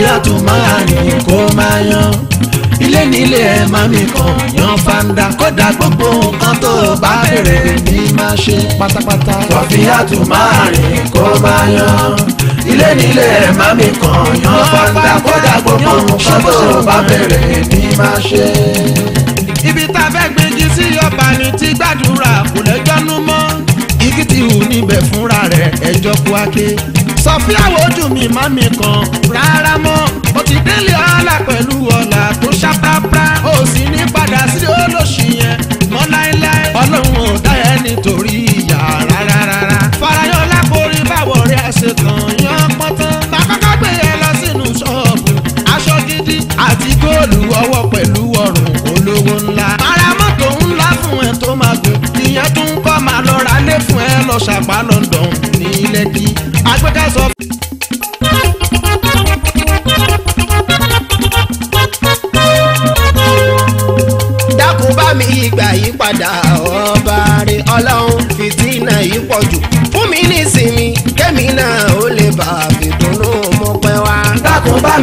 kí a tún máa rìn kó máa yan ilé nílé ẹ má mi kàn yan fanda kódà gbogbo nǹkan tó bá bèrè ní máa ṣe pátápátá. kọfí a tún máa rìn kó máa yan ilé nílé ẹ má mi kàn yan fanda kódà gbogbo nǹkan tó bá bèrè ní máa ṣe. ibi tá a fẹ́ gbẹ́jì sí ọba ni tí gbàdúrà kò lẹ́jọ́ nú mọ́ igi ti hù níbẹ̀ fúnra rẹ̀ ẹjọ́ kú ákè sọ fí àwòjù mi má mi kàn rárá mọ́ mo ti délé ọlá pẹ̀lú ọlá tó ṣàprápra ó sì ní padà sí olóṣì yẹn mọ́ láéláé ọlọ́run ò dá ẹ nítorí ìyá rárá rárá farayọ lápòrí báwo rẹ ṣe kàn yán pọ́ntán bá kọ́kọ́ gbé yẹn e lọ sínú ṣọ́ọ̀bù aṣọ gidi àti góòlù ọwọ́ pẹ̀lú ọrùn olówó ńlá ara mọ́tò ńlá fún ẹ tó máa gbé ìyẹn tún kọ́ máa lọ ralé fún ẹ lọ ṣàpá London ní lẹ́kì pé mi ìgbà yí padà ọba rẹ ọlọ́run fìtínà yìí pọ̀ jù fún mi nísìnyí kẹ́mi náà bá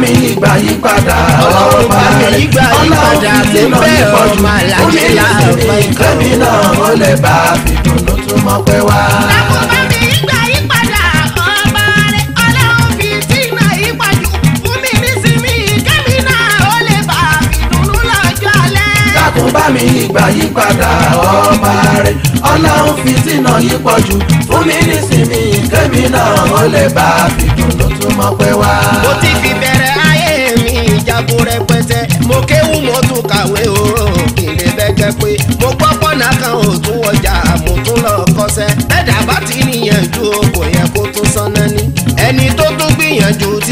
mi ìgbà yí padà ọba rẹ ọlọ́run fìtínà yìí pọ̀ jù fún mi nísìnyí kẹ́mi náà ó lè bá fìdùnnú tó mọ pẹ́ wá. ọlọ́run bá mi ìgbà yí padà ọba rẹ̀ ọlọ́run fi sínà yí pọ̀jù fún mi nísìnyí kémi náà ó lè bá fìdùn ló tún mọ́ pé wá. mo ti fi bẹ̀rẹ̀ ayé mi ìjagun rẹpẹtẹ mo kéwù mo tún kàwé oró kìlè bẹ́jẹ́ pé mo gbọ́ pọ́nà kan ò tún ọjà mo tún lọ kọsẹ̀ bẹ́ẹ̀ dàbá ti níyànjú kò yẹ kó tún sanná ni ẹni tó tún gbìyànjú t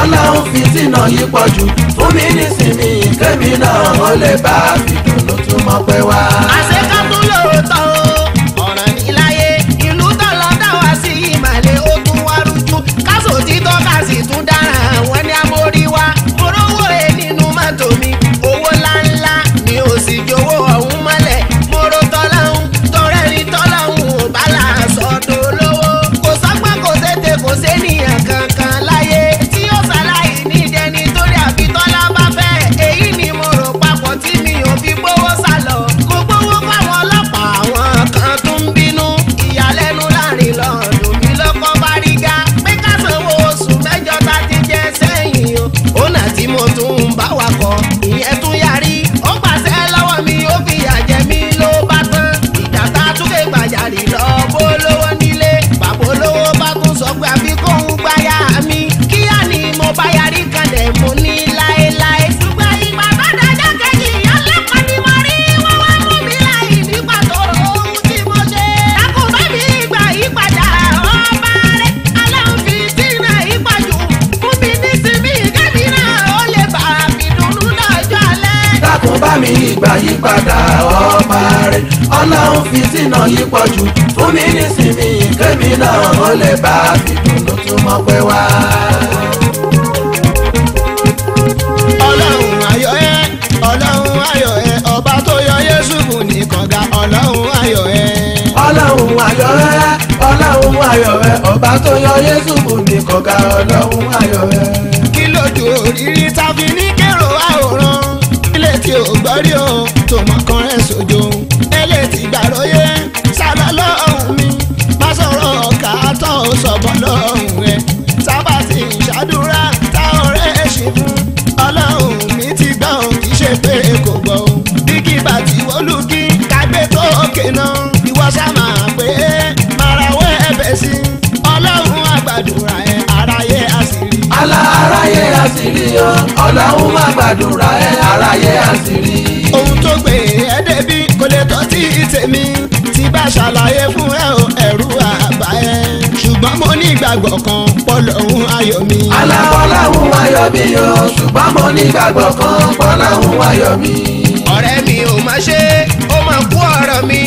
ọlọ́run fi sínà yí pọ̀jù fún mi nísìnyí kẹ́mi náà ó lè bá fìdùnnú tún mọ́ pẹ́ wá. àṣekátó lóòótọ́ o. ọ̀gá ọlọ́run ayọ̀ ẹ. ọlọ́run ayọ̀ ẹ ọlọ́run ayọ̀ ẹ ọba tó yọ yéṣu kù ní kọ̀gá ọlọ́run ayọ̀ ẹ. kí lójú òrírí tàbí ní kérò àwòrán ilé tí ò gbọ́ rí o tó iná ìwọ sá máa pé marawé ẹ̀bẹ̀ sí ọlọ́run àgbàdúrà ẹ̀ aráyé àṣírí. alá aráyé àṣírí o ọlọ́run àgbàdúrà ẹ̀ aráyé àṣírí. ohun tó gbé ẹ débi kò lè tọ́ sí tèmi tí bá ṣàlàyé fún ẹ o ẹ̀rù àbá ẹ ṣùgbọ́n mo ní ìgbàgbọ́ kan pọ́lọ́hún ayọ̀ mi. alábọ́láhùn ayọ̀ o ṣùgbọ́n mo ní ìgbàgbọ́ kan pọ́lọ́hún ayọ̀ mi. ọ̀rẹ́ mi ò má ṣe ó máa kú ọ̀rọ̀ mi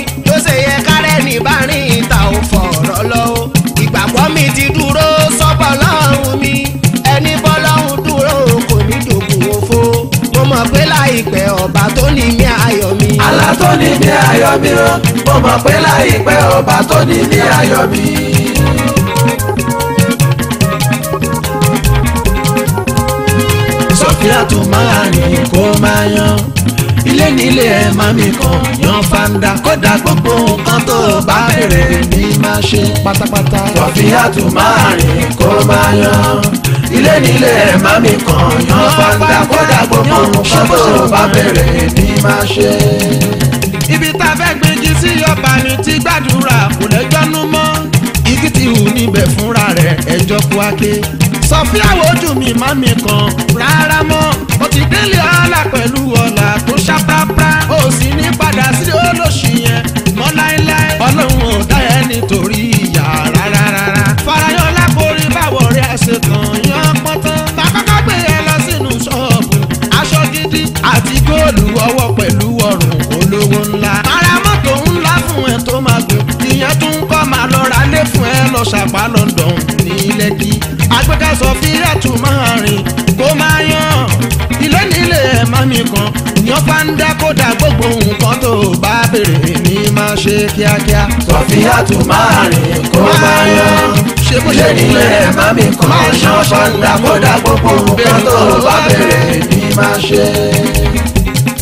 bẹ́ẹ̀ni bá rìn ta ò fọ̀rọ̀ lọ o ìgbàgbọ́ mi ti dúró sọ́pọ̀ lọ́hùn mi ẹni bọ́ lọ́hùn dúró kò ní dògùn òfo mo mọ̀ pé láìpẹ́ ọba tó ní mí ayọ̀ mi. àlá tó ní mí ayọ̀ mi o mo mọ̀ pé láìpẹ́ ọba tó ní mí ayọ̀ mi. Sofia tún máa rìn máa yan ilé nílé ẹ̀ má mi kàn yan fanda kódà gbogbo nǹkan tó bá bèrè ní máa ṣe pátápátá. Rọ̀fíàtù máa rìn kó máa yan ilé nílé ẹ̀ má mi kàn yan fanda kódà gbogbo nǹkan tó bá bèrè ní máa ṣe. ibi tá a fẹ́ gbẹ́jì sí ọba ni ti gbàdúrà kò lẹ́jọ́ nú mọ́ igi ti hù níbẹ̀ fúnra rẹ̀ ẹjọ́ kú ake sọ fí àwọn ojú mi má mi kàn rárá mọ́ mo ti délé ọlá pẹ̀lú ọlá ṣáprápá ó sì ní padà sí olóṣì yẹn mọ́ láéláé ọlọ́run ò dá ẹ nítorí ìyá rárá. farayọ lápòrí báwọ̀ rẹ̀ ṣe kàn yán pọ́ntán takọ́kọ́ gbé ẹ lọ sínú ṣọ́ọ̀bù aṣọ gidi àti góòlù ọwọ́ pẹ̀lú ọrùn olówó ńlá. ara mọ́tò ńlá fún ẹ tó máa gùn ìyẹn tún kọ́ máa lọ ra lé fún ẹ lọ ṣàpá London ní Lẹ́kì agbẹ́kẹ̀sọ fílẹ̀ tún máa rìn kó máa yàn ilé nílé ẹ̀ má mi kan èèyàn bá ń dá kódà gbogbo nǹkan tó bá béèrè ní máa ṣe kíákíá. sọfíà tó máa rìn kó bá yán ṣe bó ṣe nílé ẹ̀ má mi kàn án ṣan ṣanda kódà gbogbo nǹkan tó bá béèrè ní máa ṣe.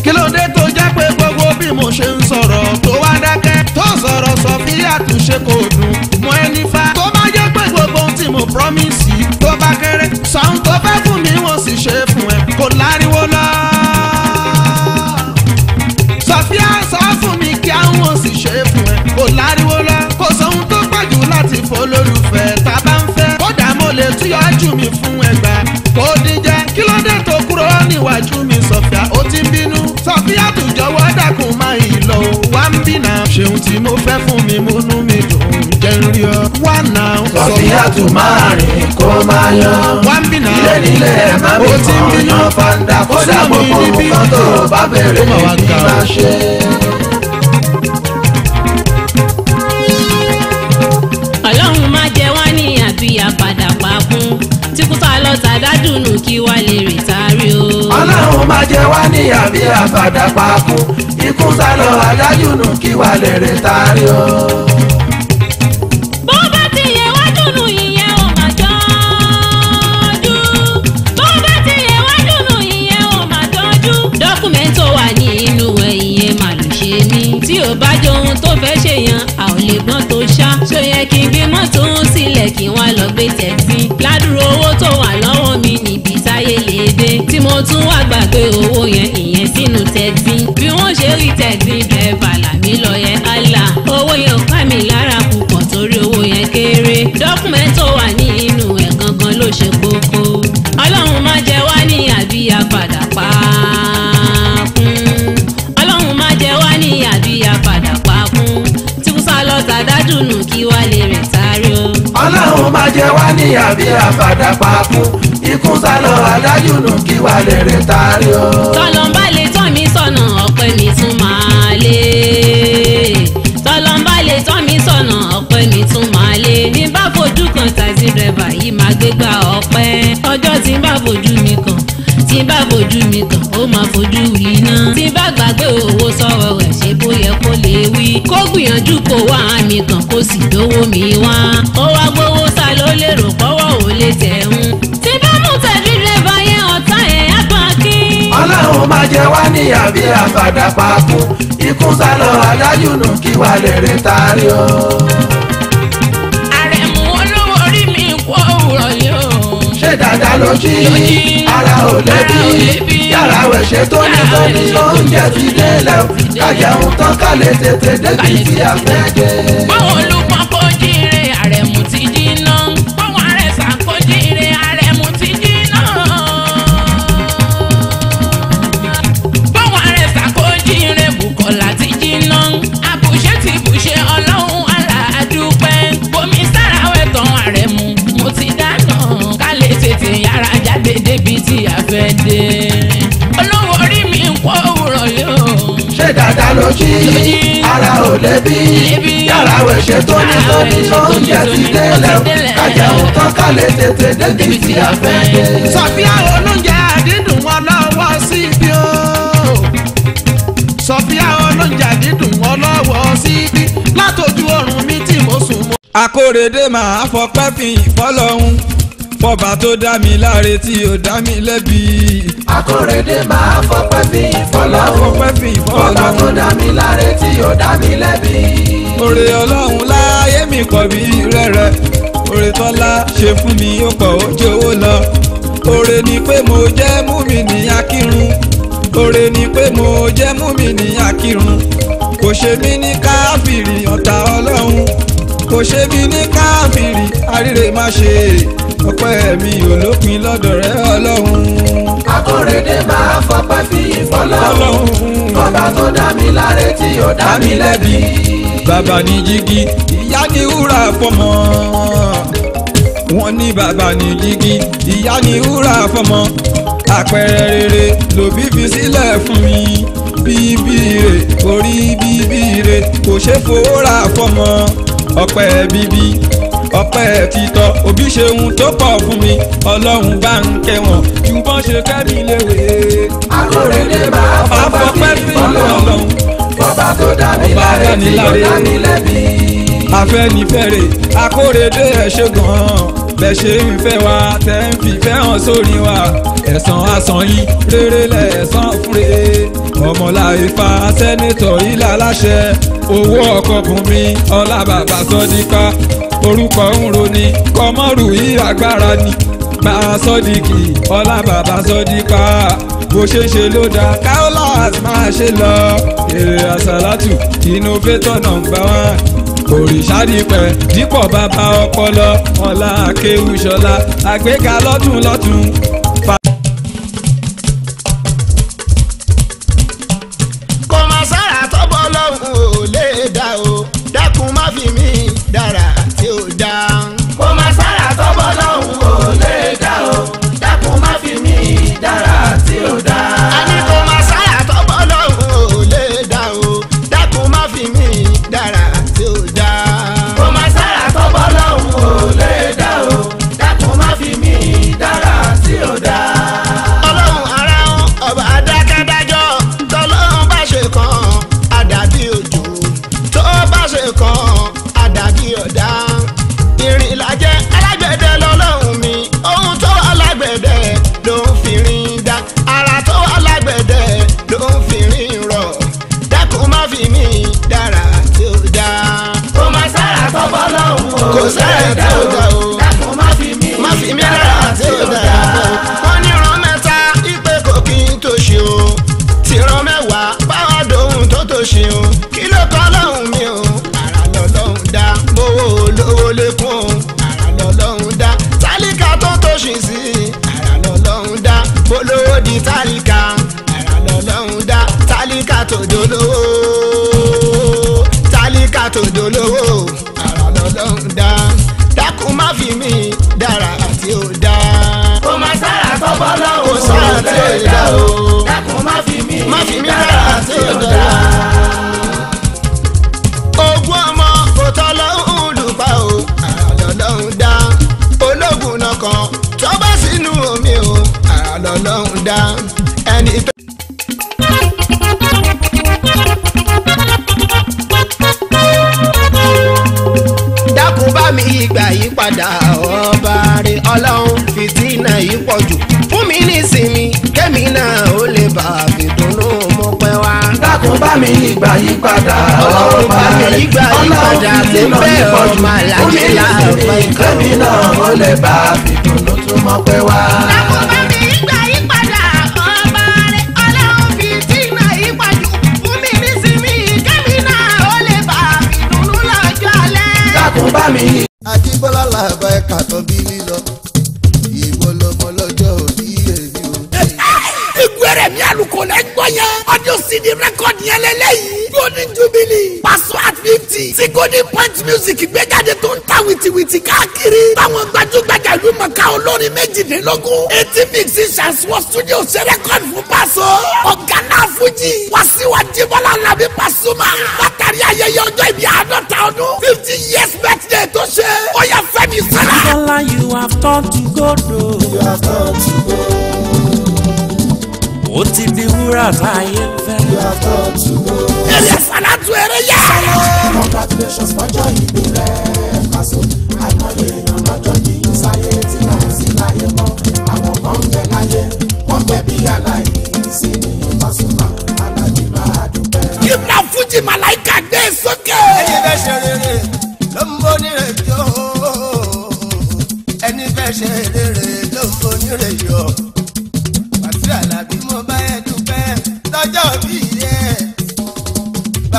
kí ló dé tó jẹ́ pé gbogbo bí mo ṣe ń sọ̀rọ̀ tó wá dákẹ́ tó sọ̀rọ̀ sọfíà tó ṣe kò dùn mọ́ ẹni fa tó bá jẹ́ pé gbogbo ohun tí mo promise tó bá kéré sọ̀hún tó fẹ́ fún mi wọ́n sì ṣe fún ẹ kò lárí olólùfẹ́ tá a bá ń fẹ́ kódà mo lè túyọ̀ ájú mi fún ẹgbà kò díjà kí ló dé tó kúrò níwájú mi sọ̀fíà ó ti ń bínú sọ̀fíà tó jọ̀wọ́ dákun má yìí lọ wá ń bínà ṣeun tí mo fẹ́ fún mi múnú mi dùn jẹ́ ń rí ọ wá nà ó. sọ̀fíà tó máa rìn kó máa yan wá ń bínà ilé nílé ẹ̀ má mi kàn yan fanda kódà gbogbo nǹkan tó bá bẹ̀rẹ̀ ní lọ sàdádùnú kí wá lè rìn sáré o. ọlọ́run máa jẹ wá níyà bí àfàdà pàkó ikú sá lọ àdájùnú kí wá lè rìn sáré o. ò bá jọ ohun tó fẹ́ ṣe yan a ò lè gbọ́n tó ṣá ṣó yẹ wá lọ gbé tẹ̀sí ládùúró owó tó wà níbi sáyé lè dé tí mo tún wá gbàgbé owó yẹn ìyẹn sínú tẹ́tí bí wọ́n ṣe rí tẹ́tí. jẹ wá ní àbí àfàdà pakú ikú sálọ adájú nù kí wà lèrè tààrí o. tọ́lọ́mbà lè tọ́ mi sọ̀nà ọ̀pẹ mi tún máa lé tọ́lọ́mbà lè tọ́ mi sọ̀nà ọ̀pẹ mi tún máa lé bí bá fojú kan tàìsí rẹ̀bà yìí máa gbé gba ọ̀pẹ ọjọ́ tí bá fojú mi kàn tí bá fojú mi kàn ó máa fojú iná tí bá gbàgbé owó sọ̀rọ̀ rẹ̀ ṣe bó yẹ kó lè wí kó gbìyànjú kó wá àmì kan kó sì dówó mi wá ó wá gbówó ló lérò pọ́wọ́ ò lè tẹ̀hún. tí bá mú tẹ̀lé rẹ̀bà yẹn ọ̀tá ẹ̀ àgbà kí. ọlọ́run máa jẹ wá níyà bí àfàdà pàákú ikú sá lọ adájú nù kí wà lè rí taari o. àrẹ̀mú olówó orí mi kú òwúrọ̀ yìí o. ṣé dáadáa ló jí ara ò lẹ́bí yàrá rẹ̀ ṣe tó ní tó oúnjẹ ti délẹ̀ ká jẹun tán ká lè tètè débi tí a fẹ́ dé. báwo ló ṣí ara ò lẹ́bí yàrá ẹ̀ṣẹ̀ tó ní lórí oúnjẹ ti délẹ̀ kájà òkan kálẹ̀ tètè débi tí a sọfíà olóúnjẹ àdídùn wọn lọ́wọ́ síbí o sọfíà olóúnjẹ àdídùn wọn lọ́wọ́ síbí látọjú ọrùn mi tí mo sùn mọ́. akórèdè máa fọpẹ́ fi ìfọ́lọ́hún fọba tó dá mi láre tí ò dá mi lẹ́bi. akóredé máa fọpẹ́ fi ìfọlọ́hún fọpẹ́ fi ìfọlọ́hún fọba tó dá mi láre tí ò dá mi lẹ́bi. oore ọlọ́run láyé mi kọ̀ bí rẹ́rẹ́ oore tọ́lá ṣe fún mi ó pọ̀ ó jẹ́ owó lọ. oore ni pé mo jẹ́ mú akírun oore ni pé mo jẹ́ mú mi ní akírun kò ṣe mí ní káfíìrì ọ̀tá ọlọ́run kò ṣe mí ní káfíìrì àríre má ṣe ọpẹ́ mi ò lópin lọ́dọ̀ rẹ ọlọ́run. akóredé máa fọpẹ́ fi ìfọlọ́run bàbá tó dá mi láre tí ò dá mi lẹ́bi. bàbá ní jígí ìyá ní wúrà fọmọ wọ́n ní bàbá ní jígí ìyá ní wúrà fọmọ àpẹẹrẹ rere lòbí fi sílẹ̀ fún mi bíbí rè orí bíbí rè kò ṣe fowó fọmọ ọpẹ́ bíbí ọpẹ́ títọ́ òbí ṣeun tó pọ̀ fún mi ọlọ́run bá ń kẹ́ wọn ju bọ́n ṣe kẹ́mi léwe. akórèdè bá fọpẹ́ sí ọlọ́run bọ́bá tó dàbí láre tí ó dání lẹ́bi. afẹ́nifẹ́re akórèdè ẹ̀ ṣe gan-an bẹ́ẹ̀ ṣe ń fẹ́ wa tẹ́ ń fìfẹ́ hàn sórí wa ẹ̀san asán yìí rere lẹ̀ ẹ̀san fúre ọmọláyé fa sẹ́nẹ́tọ̀ ilé aláṣẹ owó ọkọ̀ bùnmi ọlá bàbá sọ́dípá orúkọ ń roni kọmọ́rù yìí agbára ni bá a sọ́díkì ọlá bàbá sọ́dípá bó ṣe ṣe ló dá kaolas máa ṣe lọ èrè àsálàtù innovator number one òrìṣàdìpẹ̀ dípọ̀ bàbá ọpọlọ ọlá akéwùsọlá àgbéga lọ́tún lọ́tún ṣe o kí ló kọ́ lọ́hùn mi o ara lọ́lọ́hùn dá gbowó olówó lékún o àrà lọ́lọ́hùn dá tálíkà tó tòṣì sí àrà lọ́lọ́hùn dá polówó di tálíkà ara lọ́lọ́hùn dá tálíkà tó dolówó tálíkà tó dolówó àrà lọ́lọ́hùn dá dákun má fi mí dára àti ò dá. kò má sára sọ́bọ́ lọ́hùn. kò sára o. dákun má fi mí dára àti ò dá. ọlọ́run dá ẹni tó. dákun bá mi ìgbà yí padà ọba rẹ ọlọ́run fìtínà yí pọ̀ jù fún mi nísìnyí kẹ́mi náà ó lè bá fìdùnnú mọ pẹ́ wá. dákun bá mi ìgbà yí padà ọba rẹ ọlọ́run fìtínà yí pọ̀ jù fún mi nísìnyí kẹ́mi náà ó lè bá fìdùnnú tó mọ pẹ́ wá. máa bá ẹ kàtọ́ bí lílọ ìwọ lọmọ lọ́jọ́ òbí èmi ò ní. mi àlùkò lẹ gbọ́ yẹn ọdún cd rẹ́kọ̀dì yẹn lélẹ́yìí golden jubilee paso at fifty ti golden point music gbẹ́jáde tó ń ta wìtìwìtì káàkiri táwọn gbajúgbajà ìlú mọ̀ká olórin méjìlélógún eighty mix ṣàṣùwọ̀ studio ṣe rẹ́kọ̀dì fún paso ọ̀gá náà fújì wàṣíwájú bọ́lá làbí pasuma látàrí ayẹyẹ ọjọ́ ìbí àádọ́ta ọdún fifty have to gold o. you have turned to go. ó ti di wúrà táyé fẹ́. you have turned to gold. èrè sàlátù èrè yẹ. congratulations fọjọ́ ìbí rẹ̀ Paso àìmọye èèyàn lọ́jọ́ yìí sáyé tí láì sí láyé mọ́ àwọn kan ń bẹ láyé wọ́n bẹ bí aláìní sí ní Pasuma alájí máa dúpẹ́. kí n na màláìka gbé sókè. ẹyin bẹ ṣe rere.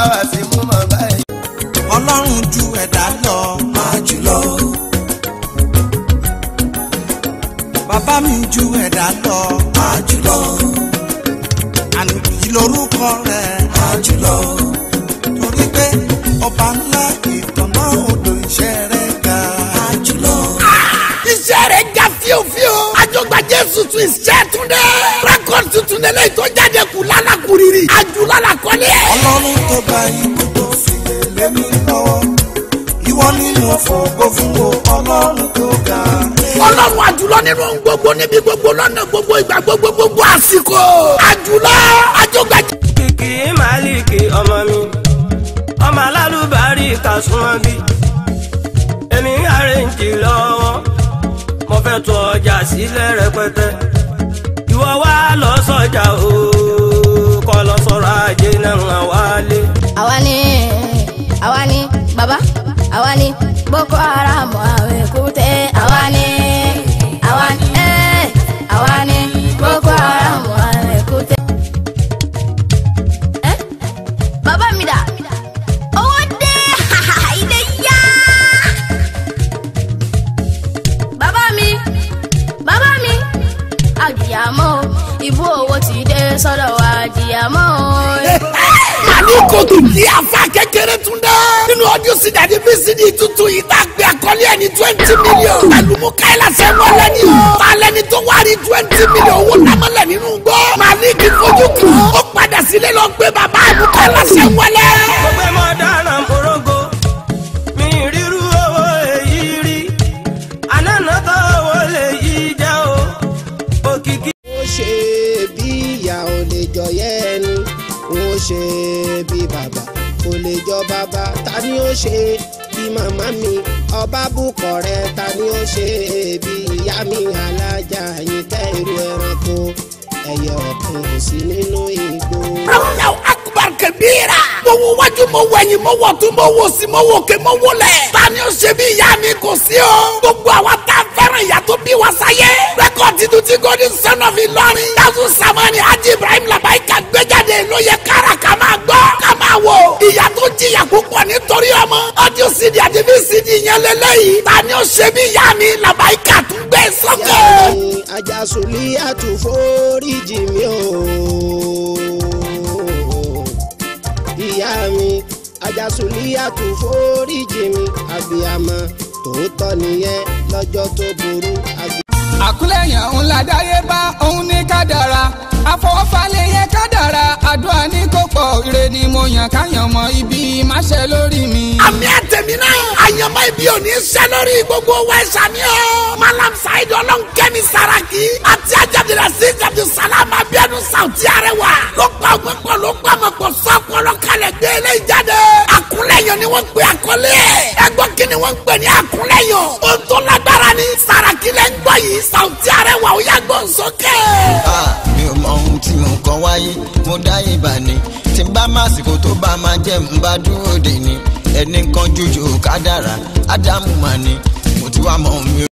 wá sí mú mọ́ báyìí. ọlọ́run ju ẹ̀dá lọ máa jùlọ. bàbá mi ju ẹ̀dá lọ. àjùlọ nínú òfògo fún o ọlọ́run tó àjùlọ nínú gbogbo níbi gbogbo lọ́nà gbogbo ìgbà gbogbo gbogbo àsìkò àjùlọ àjọgbàjẹ. kìkì màálìkì ọmọ mi ọmọ alálùbárí kàṣùmọ́ bí èmi àrèǹjì lọ́wọ́ mo fẹ́ tó ọjà sílẹ̀ rẹpẹtẹ ìwọ wá lọ sọjà o kọ́ lọ sọ̀rọ̀ ajé náà wálé. àwa ni àwa ni bàbá awani Boko Haram awekute awani twenty million. àlùmọ́káyìlá sẹ́nu ọ̀lẹ́ ni o. falẹ̀ ni tó wá rí twenty million owó tamọ́lẹ̀ nínú gbọ́. màlíkì fojú kan. ó padà sílé lọ gbé bàbá àlùmọ́káyìlá sẹ́nu ọ̀lẹ́. gbogbo ẹ̀ máa dára mọ́rọ́gọ́ mi ríru owó èyí rí anánátọ́ owó lè yí já o òkìkí. ó ṣe bí ìyá ò lè jọ yẹ ẹnu ó ṣe bí bàbá kò lè jọ bàbá ta ni ó ṣe bí màmá mi ọba bùkọ̀ rẹ ta ni ó ṣe bí ìyá mi alájà yìí kẹ́ irú ẹranko ẹyẹ ọ̀tún sí nínú igbó. Allahu akbar kabira. mo wo wájú mo wo ẹ̀yìn mo wọ̀ tún mo wo sí mo wo òkè mo wo lẹ̀. ta ni ó ṣe bí ìyá mi kò sí o. gbogbo àwa tá a fẹ́ràn ìyá tó bí wa sáyé. rẹ́kọ̀dì tó ti Golden Son of Ìlọrin. dáhùn samani hajj Ibrahim labaika gbéjáde ló yẹ kára ká máa wo ìyá tó jìyà púpọ̀ nítorí ọmọ ọdún cd àti vcd yẹn lélẹ́yìí ta ni ó ṣe bí ìyá mi làbáyíká tún gbé e sọ́kẹ́. àjàsùlí àtúforíjì mi ò ìyá mi àjàsùlí àtúforíjì mi àbíyamọ tòótọ́ nìyẹn lọ́jọ́ tó burú. àkúlẹ̀yàn ńlá dáyé bá òun ní kádàrá àfọwọ́fà lè yẹ kádàrá lára àdúrà ní kò pọ̀ ire ni mo yàn káyàn mọ ibi má lórí mi. àmì àtẹ̀mí náà àyànmọ́ ibi ò ní ṣe lórí gbogbo wa ìṣàmì o. malam saheed ọlọ́nkẹ́mi saraki àti ajabira sèche abdulsalam abiodun sauti arẹwà ló pa ọgbọ́n pọ̀ ló pa ọmọ pọ̀ sọ́kọlọ kalẹ̀ gbé ilé ìjáde. àkúnlẹ̀yàn ni wọ́n pe àkọlé ẹ̀. ẹgbọ́n kí ni wọ́n pè ní àkúnlẹ̀yàn. ó tó lágbára ní saraki lẹ́ ń gbọ́ yìí sauti arẹwà ó yàgbọ́ sókè. Ah, mi ò mọ ohun tí mo kọ wáyé mo dá ìbà ni tí n bá má sìkò tó bá máa jẹ́ n bá dúró dè ní ẹni kan jújù kádàrá ádámù mà ni mo ti wá mọ̀ mi.